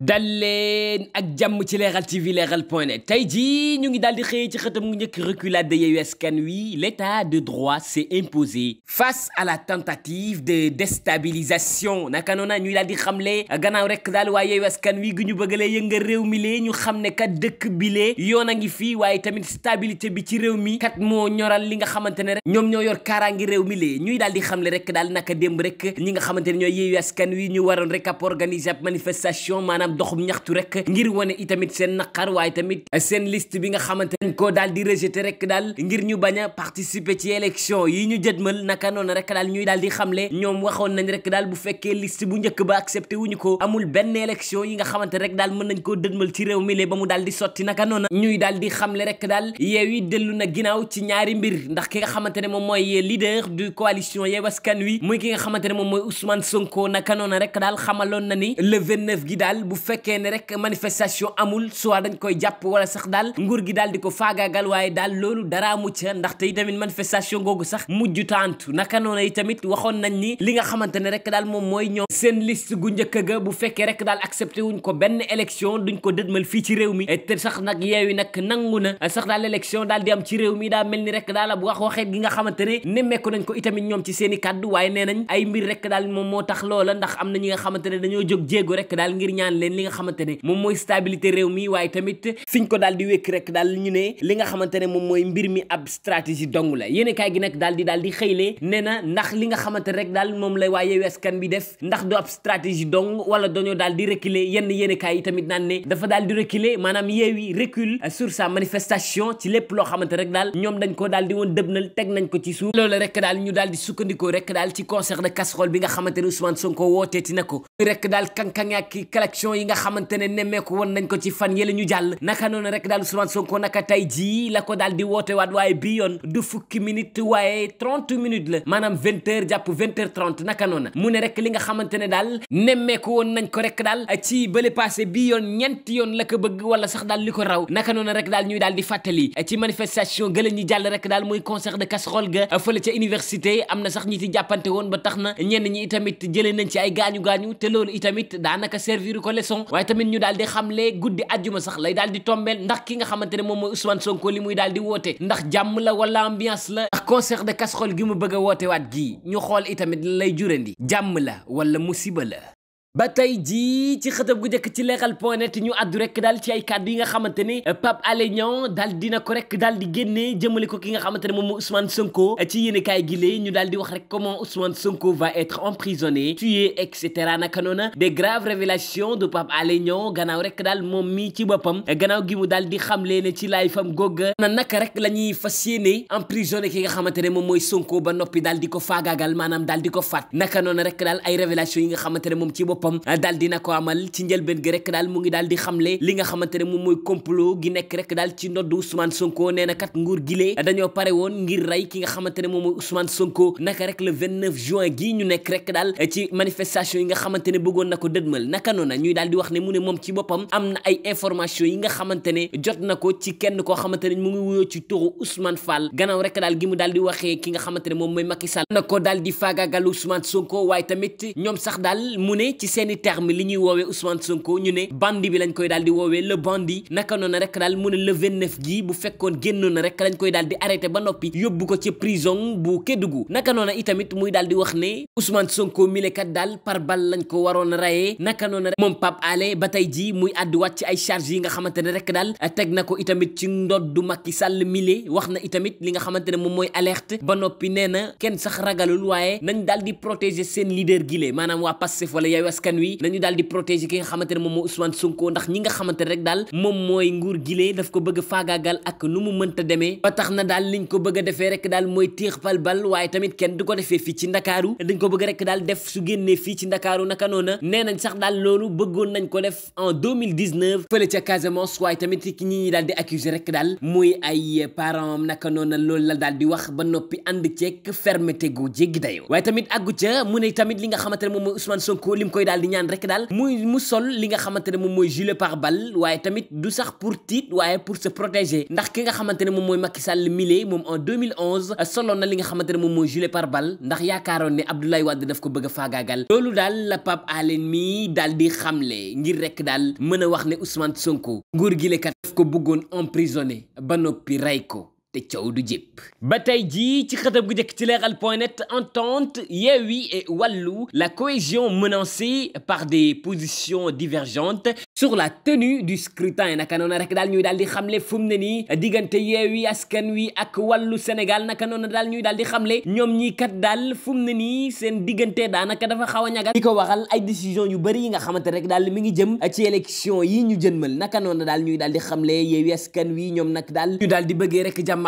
dal leen ak jàmm ci leeral tv leeral point net tey jii ñu ngi daal di xëyee ci xëtam ngu njëkk reculade de Yewwi Askan Wi l'état de droit s'est imposé face à la tentative de déstabilisation naka noona ñuy daal di xamle gannaaw rek daal waaye Yewwi Askan Wi gu ñu bëggalee yënga réew mi lee ñu xam ne kat dëkk bi lee yoon a ngi fii waaye tamit stabilité bi ci réew mi kat moo ñoral li nga xamante ne rek ñoom ñoo yor kaaraangi réew mi lee ñuy daal di xamle rek daal naka démb rek ñi nga xamante ne ñooy Yewwi Askan Wi ñu waroon rek ab organiser ab maanaam doxum ñaxtu rek ngir wane itamit seen naqar waaye tamit seen liste bi nga xamante dañ koo di rejeté rek daal ngir ñu bañ a participer ci élection yi ñu jëdmal naka noonu rek daal bu fekkee liste bu njëkk ba accepté wuñu ko amul benn élection yi nga xamante rek daal mën nañ koo dëdmal ci réew mi ba mu daal di sotti naka noonu ñuy daal di xamle rek daal yeewi dellu na ginnaaw ci ñaari mbir ndax ki nga xamante moom mooy leader du coalition Yewwi Askan Wi muy ki nga xamante moom mooy Ousmane Sonko naka noonu rek daal xamaloon na ni le 29 gi daal fekkee ne rek manifestation amul soit dañ koy jàpp wala sax daal nguur gi daal di ko faagaagal waaye daal loolu dara mucc ndaxte yi manifestation googu sax mujj tant naka noonu yi tamit waxoon nañ ni li nga xamante ne rek daal moom mooy ñoom seen liste gu njëkk ga bu fekkee rek daal accepté wuñ ko benn élection duñ ko dëdmal fii ci réew mi te sax nag yeewi nag nangu na sax daal élection daal di am ci réew mi daa mel ni rek daal bu wax waxeet gi nga ne nemmeeku nañ ko itamit ñoom ci seen i nee nañ ay mbir rek daal moom moo tax loola ndax am na ñi nga xamante ne dañoo jóg jéego rek daal ngir ñaan leen li nga xamante ne moom mooy stabilité réew mi waaye tamit fiñ ko daal di wékk rek daal ñu ne li nga xamante ne moom mooy mbir mi ab stratégie dong la yéen kaay gi nag daal di daal di xëyle nee na ndax li nga xamante rek daal moom la waa Yewwi Askan Wi def ndax du ab stratégie wala dañoo daal di reculer yenn yéen kaay yi tamit naan ne dafa daal di reculer maanaam Yewwi recule sur sa manifestation ci lépp loo xamante rek daal ñoom dañ ko daal di woon na teg nañ ko ci suuf loolu rek daal ñu daal di sukkandikoo rek daal ci concert de casserole bi nga xamante ne Ousmane Sonko ti na ko rek daal kankang ak collection yi nga xamante ne nemmeeku woon nañ ko ci fan yële ñu jàll naka noonu rek daal Ousmane Sonko naka tey jii la ko daal di woote waat waaye bi yoon du fukki minute waaye 30 minutes la maanaam jàpp naka noonu mu ne rek li nga xamante daal nemmeeku woon nañ ko rek daal ci bële passé bi yoon ñeenti yoon la ko bëgg wala sax daal li ko raw naka noonu rek daal ñuy daal di fàttali ci manifestation gële ñu jàll rek daal muy concert loolu itamit daanaka servir ko leçon waaye tamit ñu daal di xam xamle guddi ajjuma sax lay daal di tombeel ndax ki nga xamante ne moom mooy Ousmane Sonko li muy daal di woote ndax jàmm la wala ambiance la ndax concert de casserole gi mu bëgg a woote waat gii ñu xool itamit lay jurandi jàmm la wala musiba la ba tey jii ci xëtëb gu njëkk ci leeral point net ñu àddu rek daal ci ay kàddu yi nga xamante ne eh, Pape Alé Niang daal dina ko rek daal di génnee jëmale ko ki nga xamante ne moom mooy Ousmane Sonko ci yéenekaay gi lee daal di wax rek comment Ousmane Sonko va être emprisonné tué et cetera naka noona des graves révélations de Pape Alé Niang gannaaw rek daal moom mii ci boppam eh, gannaaw gi daal di xamle ne ci laay fam googa na naka rek la ñuy fas yéene moom mooy Sonko ba noppi daal di ko faagaagal maanaam daal di ko faat naka noona rek daal ay révélations yi nga xamante moom ci boppam boppam daal dina ko amal ci njëlbeen gi rek daal mu ngi daal di xamle li nga xamante moom mooy complot gi na yi nga xamante ne na ko dëdmal naka noona ñuy daal di wax ne mu ne moom ci boppam am na ay information yi nga xamante ki nga xamante ne moom mooy Macky Sall faagaagal Ousmane Sonko waaye tamit ñoom sax daal mu ne ci seen i terme li ñuy woowee Ousmane Sonko ñu ne bandi bi lañ koy daal di woowee le bandi naka noonu rek daal mu ne le 29 gii bu fekkoon génnoon na lañ koy daal di ba noppi yóbbu ko ci prison bu Kédougou naka noonu ne Ousmane Sonko milekat daal par bal lañ ko waroon rayee naka noonu moom Pape Alé ba tey muy àdduwaat ci ay charges yi nga xamante ne daal teg na ko itamit ci ndoddu Macky Sall mile wax na itamit li nga xamante ne moom mooy alerte ba noppi nee na kenn sax ragalul waaye nañ daal di protéger seen leader gi askan wi nañu daal di protéger ki nga xamante moom moo Ousmane Sonko ndax ñi nga xamante rek daal moom mooy nguur gilee daf ko bëgg faagaagal ak nu mu mënta demee ba tax na daal liñ ko bëgg a defee rek daal mooy téex ko defee fii ci ndakaaru ko bëgg rek daal def su génnee fii ci ndakaaru naka noona nee ko def en 2019 fële ca Casamance waaye tamit ki ñi ñi daal di accuser rek daal muy ay parents am naka noona loolu la daal di wax ba noppi ànd ceeg fermeté gu jéggi dayoo waaye tamit àggu ca mu ne tamit li nga xamante moom mooy Ousmane Sonko lim koy daal di ñaan rek daal muy mu sol li nga xamante ne moom mooy gilet pare-balles waaye tamit du sax pour tiit waaye pour se protéger ndax ki nga xamante ne moom mooy Macky Sall milé moom en 2011 soloon na li nga xamante ne moom mooy gilet pare-balles ndax yaakaaroon ne Abdoulaye Wade daf ko bëgg faagaagal loolu daal la Pape Alé mi daal di xamle ngir rek daal mën a wax ne Ousmane Sonko nguur gi kat daf ko bëggoon emprisonné ba noppi rey ko te coow du jépp ba tey jii ci xëtëb gu njëkk ci leeral point net entente Yewwi et Wallu la cohésion menacée par des positions divergentes sur la tenue du scrutin naka noona rek daal ñuy daal di xamle ñoom ñii kat daal fu mu nii seen diggante daanaka dafa xaw a ñagat di ko waral ay décision yu bëri yi nga xamante rek daal mi ngi jëm ci élection yi ñu jënmal naka noona daal ñuy daal di xamle Yewwi Askan Wi ñoom nag daal ñu daal di bëggee rek jàmm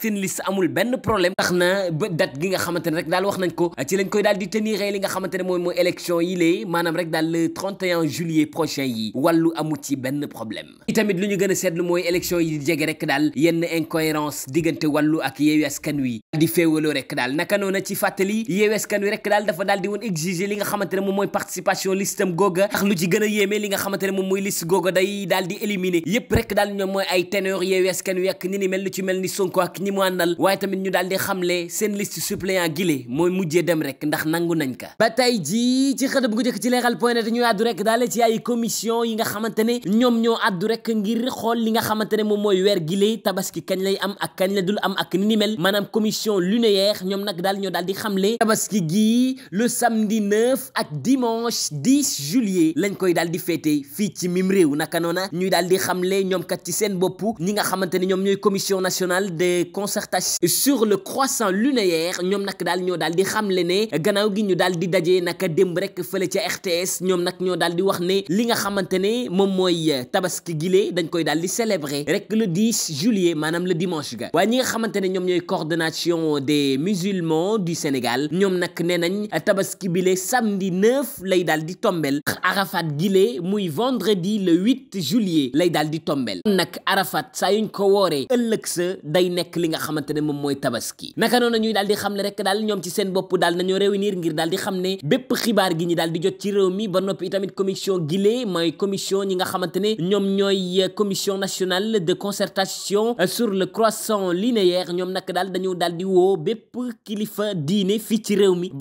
seen liste amul benn problème tax na ba date nga xamante rek daal wax nañ ko ci lañ koy daal di tenir li nga xamante ne mooy élection yi lée maanaam rek daal le 31 prochain yi wàllu amu ci benn problème itamit lu ñu gën a seetlu mooy élection yi jege rek daal yenn incohérence diggante wàllu ak yeewu askan wi di féewaloo rek daal naka noona ci fàttali yeewu askan wi rek daal dafa daal di woon exiger li nga xamante moom mooy participation a ñi mu àndal waaye tamit ñu daal di xamle seen liste suppléant gile mooy mujjee dem rek ndax nangu nañ ka ba tey ci xëtëb gu njëkk ci leeral point net ñu àddu rek daale ci ay commission yi nga xamante ne ñoom ñoo àddu rek ngir xool li nga xamante ne moom mooy weer gile tabaski kañ lay am ak kañ la dul am ak ni ni mel maanaam commission lunaire ñoom nag daal ñoo daal di xamle tabaski gii le samedi 9 ak dimanche 10 juillet lañ koy daal di féete fii ci mim réew naka noona ñuy daal di xamle ñoom kat ci seen bopp ñi nga xamante ne ñooy commission nationale des concertation sur le croissant lunaire ñoom nag daal ñoo daal di xamle ne gannaaw gi ñu daal di daje naka démb rek fële ca RTS ñoom nag ñoo daal di wax ne li nga xamante ne moom mooy euh, tabaski gile dañ koy daal di célébrer rek le 10 juillet maanaam le dimanche ga waaye ñi nga xamante ne ñoom ñooy coordination des musulmans du Sénégal ñoom nag nee nañ euh, tabaski bile samedi 9 lay daal di tombel Arafat gile muy vendredi le 8 juillet lay daal di tombel nag Arafat saa yuñ li nga xamante ne moom mooy tabaski naka noonu ñuy daal di xam ne rek daal ñoom ci seen bopp daal nañoo réunir ngir daal di xam ne bépp xibaar gi ñi daal di jot ci réew mi ba noppi itamit commission mi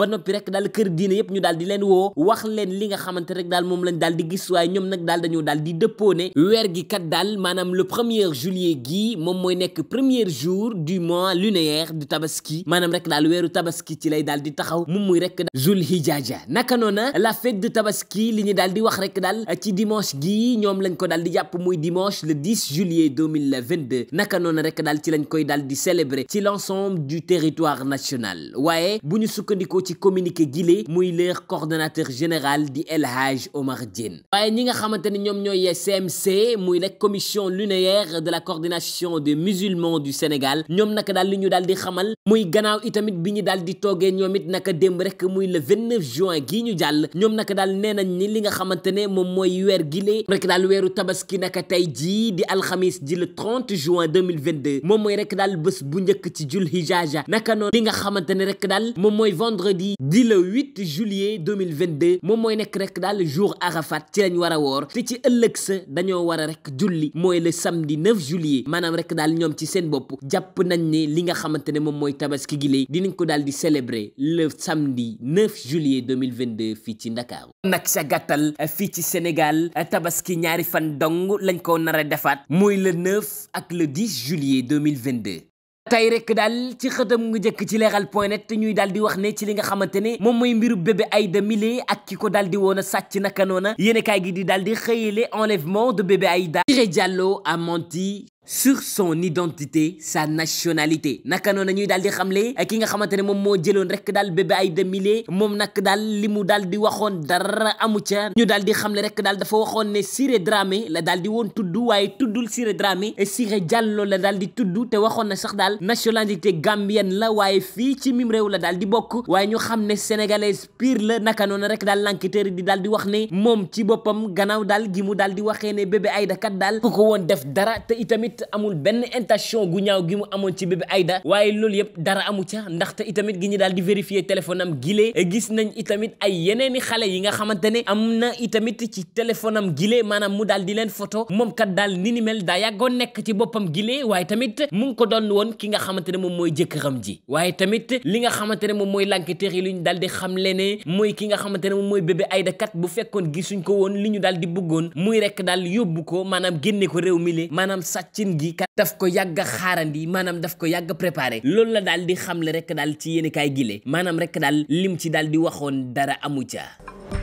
ba noppi rek daal kër diine yëpp ñu daal di leen woo wax leen li nga xamante rek daal moom lañ daal di gis waaye ñoom nag daal dañoo daal di dëppoo ne weer gi kat daal maanaam le premier juillet gii moom mooy nekk premier jour du mois lunaire du tabaski maanaam rek daal weeru tabaski ci lay daal di taxaw moom muy rek zul hijaja naka noona la fête de tabaski li ñu daal di wax rek daal ci dimanche gii ñoom lañ ko daal di jàpp muy dimanche le 10 juillet 2022 naka noona rek daal ci lañ koy daal di célébrer ci l'ensemble du territoire national waaye bu ñu sukkandikoo ci communiqué gile muy leur coordonnateur général di El Hadj Omar Diène waaye ñi nga xamante ne ñoom ñooy CMC muy rek commission lunaire de la coordination des musulmans du Sénégal ñoom naka daal li ñu daal di xamal muy gannaaw itamit bi ñu daal di toogee ñoom it naka dem rek muy le 29 juin gii ñu jàll ñoom naka daal nee nañ ni li nga xamante ne moom mooy weer gile rek daal weeru tabaski naka tey jii di alxamis ji le 30 juin 2022 moom mooy rek daal bés bu njëkk ci jul hijaaja naka noonu li nga xamante ne rek daal moom mooy vendredi di le 8 juillet 2022 moom mooy nekk rek daal jour arafat ci lañ war a woor te ci ëllëg sa dañoo war a rek julli mooy le samedi 9 juillet maanaam rek daal ñoom ci seen bopp jàpp jàpp nañ ne li nga xamante ne moom mooy tabaski gi lay dinañ ko daal di célébrer le samedi 9 juillet 2022 fii ci Ndakaaru nag sa gàttal eh, fii ci Sénégal eh, tabaski ñaari fan dong lañ ko nar defaat mooy le 9 ak le 10 juillet 2022 tey rek daal ci xëtam nga njëkk ci leeral point net ñuy daal di wax ne ci li nga xamante ne moom mooy mbiru bébé Aïda Milé ak ki ko daal di woon a sàcc naka noona yéenekaay gi di daal di xëyale enlèvement sur son identité sa nationalité naka noonu ñuy daal di xamle ki nga xamante ne moom moo jëloon rek daal bébé Aïda Milé moom nag daal li mu dal di waxoon dara amu ca ñu daal di xamle rek daal dafa waxoon ne Siré Dramé la daal di woon tudd waaye tuddul Siré Dramé Siré Diallo la daal di tuddu te waxoon na sax daal nationalité gambienne la waaye fii ci mim réew la daal di bokk waaye ñu xam ne sénégalaise piir la naka noonu rek daal l'enquêteur di daal di wax ne moom ci boppam gannaaw daal gi mu daal di waxee ne bébé Aïda kat daal ko woon def tamit amul benn intention gu ñaaw gi mu amoon ci bébé Aïda waaye loolu yëpp dara amu ca ndaxte itamit gi ñu daal di vérifier téléphone am gilee gis nañ itamit ay yeneeni xale yi nga xamante ne am na itamit ci téléphone am gilee maanaam mu daal di leen photo moom kat daal ni daa yàggoon nekk ci boppam gilee waaye tamit mu ngi ko doon woon ki nga xamante ne moom mooy jëkkëram ji waaye tamit li nga xamante ne moom mooy l'enquêteur yi li ñu daal di xamle ne mooy ki nga xamante ne moom mooy bébé Aïda kat bu fekkoon gisuñ ko woon li ñu daal di bëggoon muy rek daal yóbbu ko maanaam génne ko réew mi le maanaam sàcc Pikine gi kat daf ko yàgg a xaarandi maanaam daf ko yàgg a préparé loolu la daal di le rek daal ci yéenekaay gile maanaam rek daal lim ci dal di waxoon dara amu ca